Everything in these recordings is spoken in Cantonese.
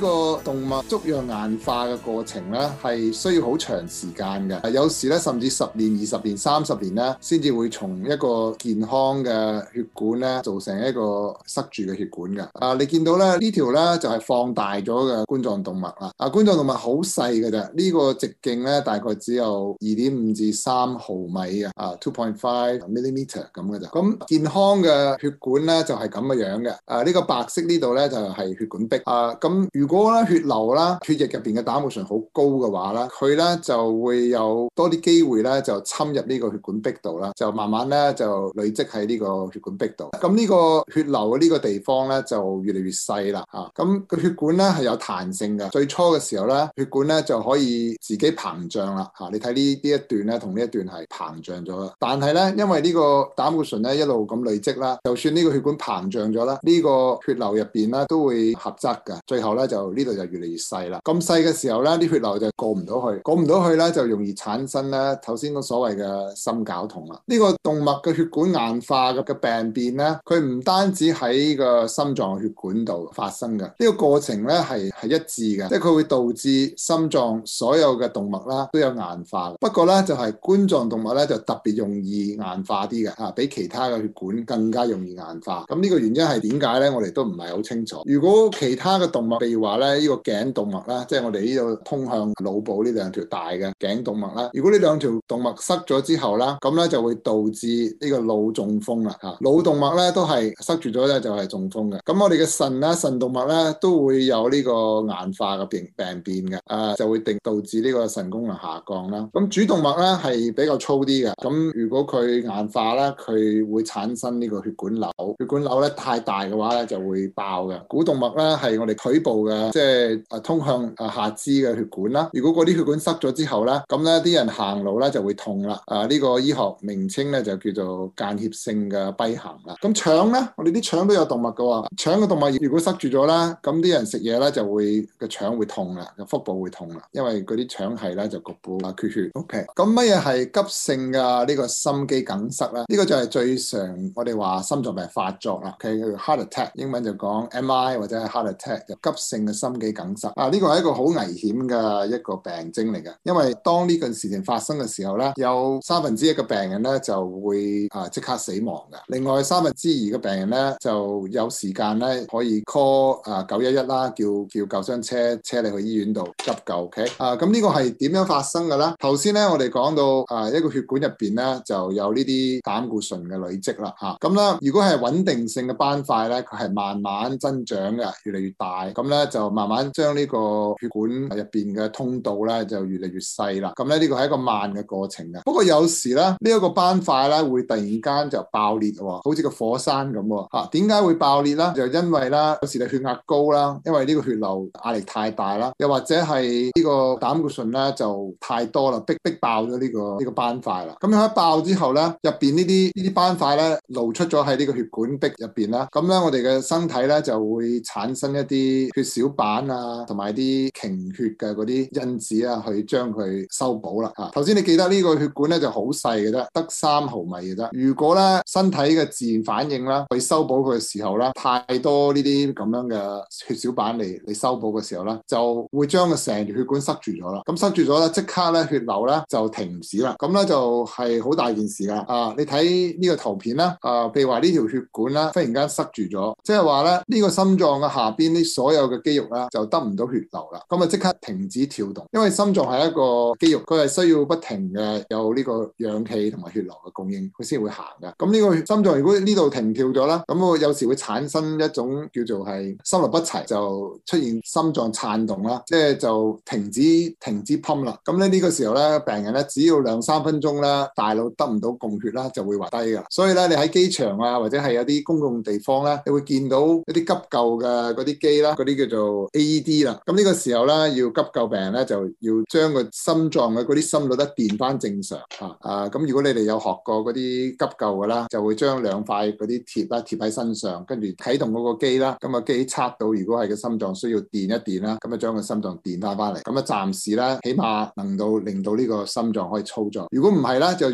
呢個動脈粥樣硬化嘅過程咧，係需要好長時間嘅。有時咧，甚至十年、二十年、三十年咧，先至會從一個健康嘅血管咧，造成一個塞住嘅血管嘅。啊，你見到咧呢這條咧就係、是、放大咗嘅冠狀動脈啊。啊，冠狀動脈好細嘅咋？呢、這個直徑咧大概只有二點五至三毫米嘅啊，two point five millimeter 咁嘅咋。咁健康嘅血管咧就係咁嘅樣嘅。啊，mm、呢、就是啊這個白色呢度咧就係、是、血管壁啊。咁如果咧血流啦，血液入邊嘅膽固醇好高嘅話咧，佢咧就會有多啲機會咧，就侵入呢個血管壁度啦，就慢慢咧就累積喺呢個血管壁度。咁呢個血流嘅呢個地方咧就越嚟越細啦嚇。咁個血管咧係有彈性嘅，最初嘅時候咧，血管咧就可以自己膨脹啦嚇。你睇呢呢一段咧同呢一段係膨脹咗啦，但係咧因為呢個膽固醇咧一路咁累積啦，就算呢個血管膨脹咗啦，呢個血流入邊咧都會狹窄嘅，最後咧就。呢度就越嚟越細啦，咁細嘅時候咧，啲血流就過唔到去，過唔到去啦，就容易產生咧頭先嗰所謂嘅心絞痛啦。呢個動脈嘅血管硬化嘅病變咧，佢唔單止喺個心臟血管度發生嘅，呢個過程咧係係一致嘅，即係佢會導致心臟所有嘅動脈啦都有硬化。不過咧就係冠狀動脈咧就特別容易硬化啲嘅，啊，比其他嘅血管更加容易硬化。咁呢個原因係點解咧？我哋都唔係好清楚。如果其他嘅動脈，譬如話，話咧呢個頸動脈啦，即係我哋呢度通向腦部呢兩條大嘅頸動脈啦。如果呢兩條動脈塞咗之後啦，咁咧就會導致呢個腦中風啦。吓，腦動脈咧都係塞住咗咧就係中風嘅。咁我哋嘅腎啦，腎動脈咧都會有呢個硬化嘅病病變嘅，誒就會定導致呢個腎功能下降啦。咁主動脈咧係比較粗啲嘅，咁如果佢硬化咧，佢會產生呢個血管瘤，血管瘤咧太大嘅話咧就會爆嘅。股動脈咧係我哋腿部嘅。即係啊，通向啊下肢嘅血管啦。如果嗰啲血管塞咗之後咧，咁咧啲人行路咧就會痛啦。啊，呢個醫學名稱咧就叫做間歇性嘅跛行啦。咁腸咧，我哋啲腸都有動物噶喎。腸嘅動物如果塞住咗啦，咁啲人食嘢咧就會個腸會痛啦，個腹部會痛啦，因為嗰啲腸係咧就局部啊缺血。O K，咁乜嘢係急性嘅呢個心肌梗塞咧？呢個就係最常我哋話心臟病發作啦。O K，佢 heart attack，英文就講 M I 或者係 heart attack 就急性。嘅心肌梗塞啊，呢、這個係一個好危險嘅一個病徵，嚟嘅，因為當呢個事情發生嘅時候呢，有三分之一嘅病人呢就會啊即刻死亡嘅，另外三分之二嘅病人呢就有時間呢可以 call 啊九一一啦，叫叫救傷車車你去醫院度急救，OK 啊？咁、嗯、呢、這個係點樣發生嘅呢？頭先呢，我哋講到啊一個血管入邊呢就有呢啲膽固醇嘅累積啦，吓，咁咧如果係穩定性嘅斑塊呢，佢係慢慢增長嘅，越嚟越大，咁、嗯、咧。嗯嗯嗯就慢慢將呢個血管入邊嘅通道咧，就越嚟越細啦。咁咧呢個係一個慢嘅過程嘅。不過有時咧，呢一個斑塊咧會突然間就爆裂，好似個火山咁。吓、啊，點解會爆裂咧？就因為啦，有時你血壓高啦，因為呢個血流壓力太大啦，又或者係呢個膽固醇咧就太多啦，逼逼爆咗呢個呢個斑塊啦。咁樣一爆之後咧，入邊呢啲呢啲斑塊咧露出咗喺呢個血管壁入邊啦。咁咧我哋嘅身體咧就會產生一啲血小板啊，同埋啲凝血嘅嗰啲因子啊，去將佢修補啦。啊，頭先你記得呢個血管咧就好細嘅啫，得三毫米嘅啫。如果咧身體嘅自然反應啦，去修補佢嘅時候啦，太多呢啲咁樣嘅血小板嚟，你修補嘅時候咧，就會將個成條血管塞住咗啦。咁塞住咗咧，即刻咧血流咧就停止啦。咁咧就係好大件事啦啊，你睇呢個圖片啦，啊，譬如話呢條血管啦，忽然間塞住咗，即係話咧呢個心臟嘅下邊啲所有嘅肌肉啦，就得唔到血流啦，咁啊即刻停止跳動，因為心臟係一個肌肉，佢係需要不停嘅有呢個氧氣同埋血流嘅供應，佢先會行噶。咁呢個心臟如果呢度停跳咗啦，咁我有時會產生一種叫做係心律不齊，就出現心臟顫動啦，即係就停止停止 pump 啦。咁咧呢個時候咧，病人咧只要兩三分鐘咧，大腦得唔到供血啦，就會滑低噶。所以咧，你喺機場啊，或者係有啲公共地方咧，你會見到一啲急救嘅嗰啲機啦，嗰啲叫做。做 AED 啦，咁呢個時候咧，要急救病人咧，就要將個心臟嘅嗰啲心率咧電翻正常吓啊！咁、啊、如果你哋有學過嗰啲急救嘅啦，就會將兩塊嗰啲貼啦貼喺身上，跟住啟動嗰個機啦，咁、個機測到如果係個心臟需要電一電啦，咁就將個心臟電翻翻嚟，咁啊暫時咧起碼能夠令到呢個心臟可以操作。如果唔係咧，就要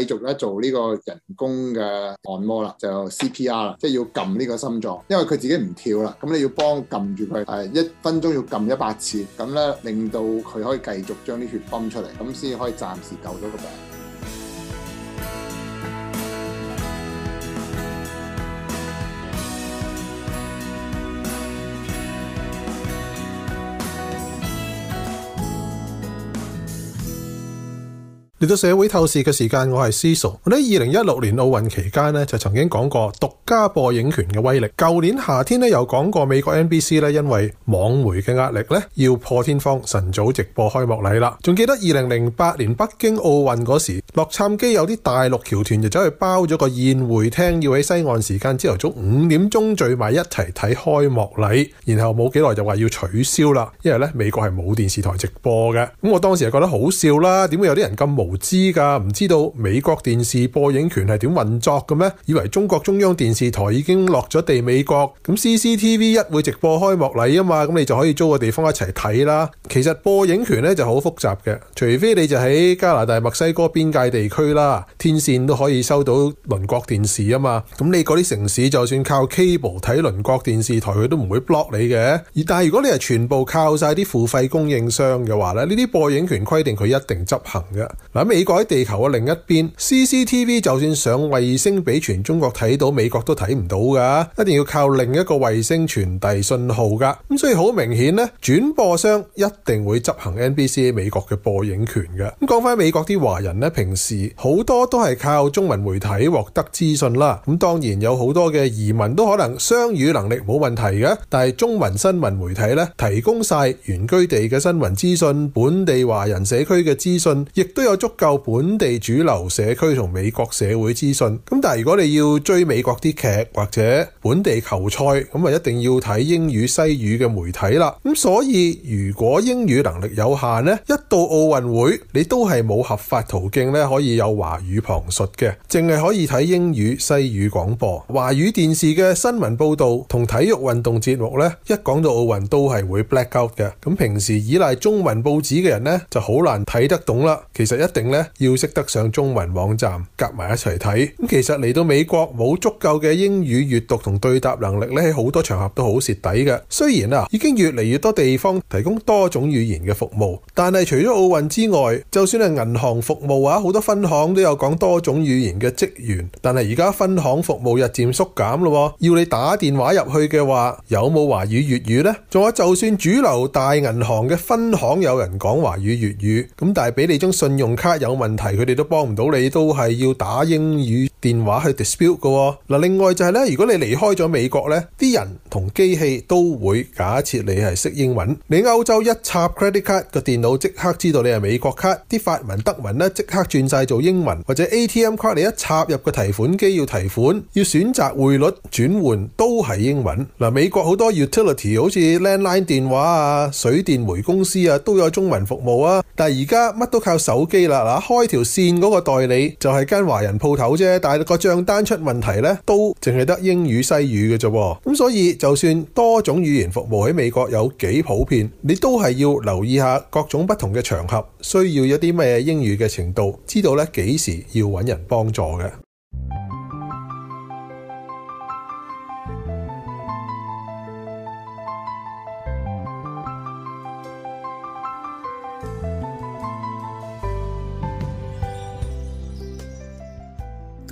繼續咧做呢個人工嘅按摩啦，就 CPR 啦，即係要撳呢個心臟，因為佢自己唔跳啦，咁你要幫撳住佢。誒一分鐘要撳一百次，咁呢令到佢可以繼續將啲血泵出嚟，咁先可以暫時救咗個病。嚟到社會透視嘅時間，我係思熟。喺二零一六年奧運期間呢，就曾經講過獨家播映權嘅威力。舊年夏天呢，又講過美國 NBC 咧，因為網媒嘅壓力咧，要破天荒晨早直播開幕禮啦。仲記得二零零八年北京奧運嗰時，洛杉磯有啲大陸橋團就走去包咗個宴會廳，要喺西岸時間朝頭早五點鐘聚埋一齊睇開幕禮，然後冇幾耐就話要取消啦，因為咧美國係冇電視台直播嘅。咁我當時係覺得好笑啦，點會有啲人咁無知噶，唔知道美國電視播映權係點運作嘅咩？以為中國中央電視台已經落咗地美國，咁 CCTV 一會直播開幕禮啊嘛，咁你就可以租個地方一齊睇啦。其實播映權咧就好複雜嘅，除非你就喺加拿大、墨西哥邊界地區啦，天線都可以收到鄰國電視啊嘛。咁你嗰啲城市就算靠 cable 睇鄰國電視台，佢都唔會 block 你嘅。而但如果你係全部靠晒啲付費供應商嘅話咧，呢啲播映權規定佢一定執行嘅。嗱，美國喺地球嘅另一邊，CCTV 就算上衛星俾全中國睇到，美國都睇唔到噶，一定要靠另一個衛星傳遞信號噶。咁所以好明顯咧，轉播商一定會執行 NBC 美國嘅播映權嘅。咁講翻美國啲華人咧，平時好多都係靠中文媒體獲得資訊啦。咁當然有好多嘅移民都可能雙語能力冇問題嘅，但係中文新聞媒體咧提供晒原居地嘅新聞資訊、本地華人社區嘅資訊，亦都有，足夠本地主流社區同美國社會資訊，咁但係如果你要追美國啲劇或者本地球賽，咁啊一定要睇英語西語嘅媒體啦。咁所以如果英語能力有限呢，一到奧運會你都係冇合法途徑呢可以有華語旁述嘅，淨係可以睇英語西語廣播、華語電視嘅新聞報導同體育運動節目呢。一講到奧運都係會 black out 嘅。咁平時依賴中文報紙嘅人呢，就好難睇得懂啦。其實一定咧要識得上中文網站夾埋一齊睇咁，其實嚟到美國冇足夠嘅英語閱讀同對答能力咧，喺好多場合都好蝕底嘅。雖然啊，已經越嚟越多地方提供多種語言嘅服務，但係除咗奧運之外，就算係銀行服務啊，好多分行都有講多種語言嘅職員，但係而家分行服務日漸縮減咯。要你打電話入去嘅話，有冇華語粵語呢？仲有就算主流大銀行嘅分行有人講華語粵語，咁但係俾你張信用卡。卡有問題，佢哋都幫唔到你，都係要打英語電話去 dispute 嘅，哦。嗱，另外就係、是、咧，如果你離開咗美國咧，啲人同機器都會假設你係識英文。你歐洲一插 credit card 個電腦即刻知道你係美國卡，啲法文德文咧即刻轉晒做英文，或者 ATM 卡你一插入個提款機要提款，要選擇匯率轉換都係英文。嗱，美國好多 utility 好似 landline 電話啊、水電煤公司啊都有中文服務啊，但係而家乜都靠手機啦。嗱開條線嗰個代理就係間華人鋪頭啫，但係個賬單出問題呢，都淨係得英語西語嘅啫。咁所以就算多種語言服務喺美國有幾普遍，你都係要留意下各種不同嘅場合需要一啲咩英語嘅程度，知道呢幾時要揾人幫助嘅。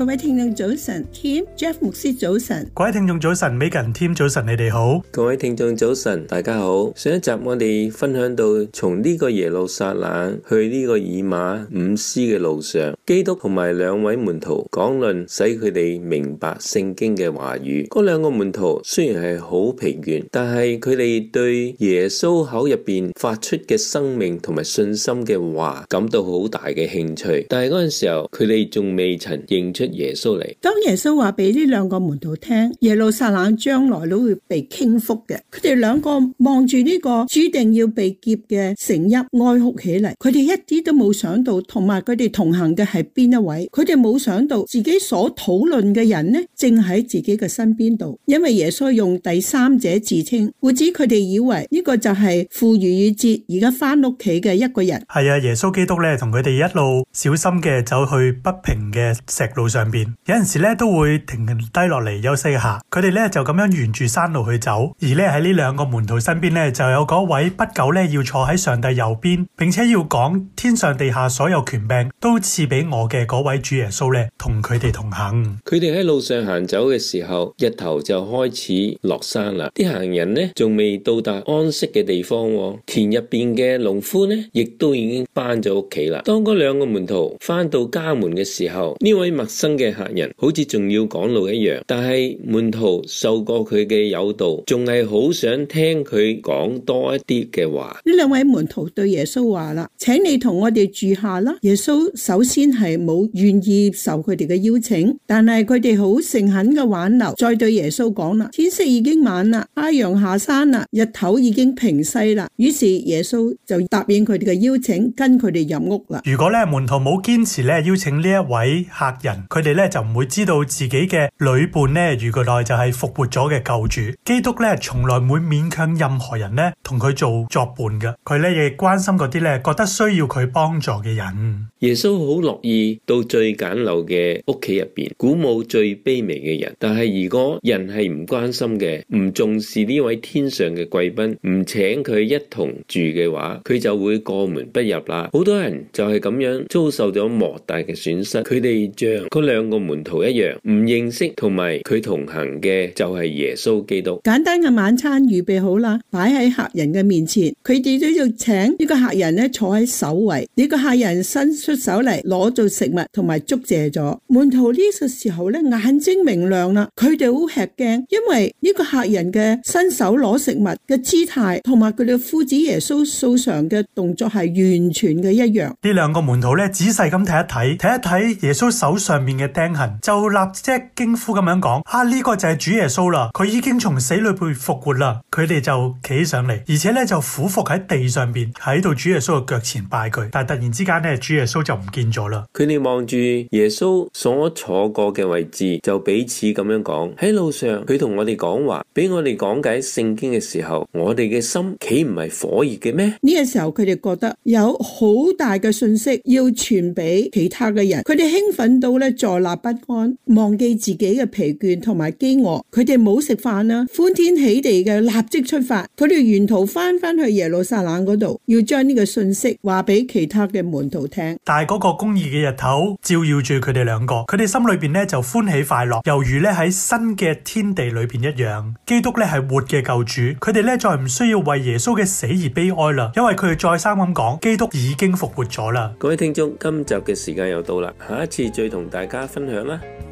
各位聽眾早晨，Tim、Jeff 牧師早晨，各位聽眾早晨，Megan Tim 早晨，你哋好，各位聽眾早晨，大家好。上一集我哋分享到，從呢個耶路撒冷去呢個以馬五斯嘅路上，基督同埋兩位門徒講論，使佢哋明白聖經嘅話語。嗰兩個門徒雖然係好疲倦，但係佢哋對耶穌口入邊發出嘅生命同埋信心嘅話，感到好大嘅興趣。但係嗰陣時候，佢哋仲未曾認出。耶穌嚟，當耶穌話俾呢兩個門徒聽，耶路撒冷將來都會被傾覆嘅。佢哋兩個望住呢個注定要被劫嘅城邑，哀哭起嚟。佢哋一啲都冇想到，同埋佢哋同行嘅係邊一位？佢哋冇想到自己所討論嘅人呢，正喺自己嘅身邊度。因為耶穌用第三者自稱，故此佢哋以為呢個就係赴逾越節，而家返屋企嘅一個人。係啊，耶穌基督咧，同佢哋一路小心嘅走去不平嘅石路上。邊有陣時咧都會停低落嚟，休息一下，佢哋咧就咁樣沿住山路去走，而咧喺呢兩個門徒身邊咧就有嗰位不久咧要坐喺上帝右邊，並且要講天上地下所有權柄都賜俾我嘅嗰位主耶穌咧，同佢哋同行。佢哋喺路上行走嘅時候，日頭就開始落山啦。啲行人咧仲未到達安息嘅地方，田入邊嘅農夫咧亦都已經翻咗屋企啦。當嗰兩個門徒翻到家門嘅時候，呢位陌生。新嘅客人好似仲要趕路一樣，但係門徒受過佢嘅誘導，仲係好想聽佢講多一啲嘅話。呢兩位門徒對耶穌話啦，請你同我哋住下啦。耶穌首先係冇願意受佢哋嘅邀請，但係佢哋好誠懇嘅挽留，再對耶穌講啦，天色已經晚啦，太陽下山啦，日頭已經平西啦。於是耶穌就答應佢哋嘅邀請，跟佢哋入屋啦。如果咧門徒冇堅持咧邀請呢一位客人。佢哋咧，就唔會知道自己嘅女伴咧，如果內就係復活咗嘅救主基督咧，從來唔會勉強任何人咧同佢做作伴㗎。佢咧，亦關心嗰啲咧，覺得需要佢幫助嘅人。耶穌好樂意到最簡陋嘅屋企入邊，鼓舞最卑微嘅人。但係如果人係唔關心嘅，唔重視呢位天上嘅貴賓，唔請佢一同住嘅話，佢就會過門不入啦。好多人就係咁樣遭受咗莫大嘅損失。佢哋將兩個門徒一樣唔認識，同埋佢同行嘅就係耶穌基督。簡單嘅晚餐預備好啦，擺喺客人嘅面前。佢哋都要請呢個客人咧坐喺首位。呢個客人伸出手嚟攞做食物，同埋祝謝咗。門徒呢個時候咧，眼睛明亮啦。佢哋好吃驚，因為呢個客人嘅伸手攞食物嘅姿態，同埋佢哋夫子耶穌素常嘅動作係完全嘅一樣。呢兩個門徒咧仔細咁睇一睇，睇一睇耶穌手上面。嘅釘痕，就立即驚呼咁樣講：啊，呢個就係主耶穌啦！佢已經從死裏復活啦！佢哋就企上嚟，而且咧就俯伏喺地上邊，喺度主耶穌嘅腳前拜佢。但突然之間咧，主耶穌就唔見咗啦。佢哋望住耶穌所坐過嘅位置，就彼此咁樣講：喺路上佢同我哋講話，俾我哋講解聖經嘅時候，我哋嘅心豈唔係火熱嘅咩？呢個時候佢哋覺得有好大嘅信息要傳俾其他嘅人，佢哋興奮到咧。坐立不安，忘記自己嘅疲倦同埋飢餓，佢哋冇食飯啦，歡天喜地嘅立即出發，佢哋沿途翻翻去耶路撒冷嗰度，要將呢個信息話俾其他嘅門徒聽。但係嗰個公義嘅日頭照耀住佢哋兩個，佢哋心裏邊咧就歡喜快樂，猶如咧喺新嘅天地裏邊一樣。基督咧係活嘅救主，佢哋咧再唔需要為耶穌嘅死而悲哀啦，因為佢哋再三咁講，基督已經復活咗啦。各位聽眾，今集嘅時間又到啦，下一次再同大家。大家分享啦～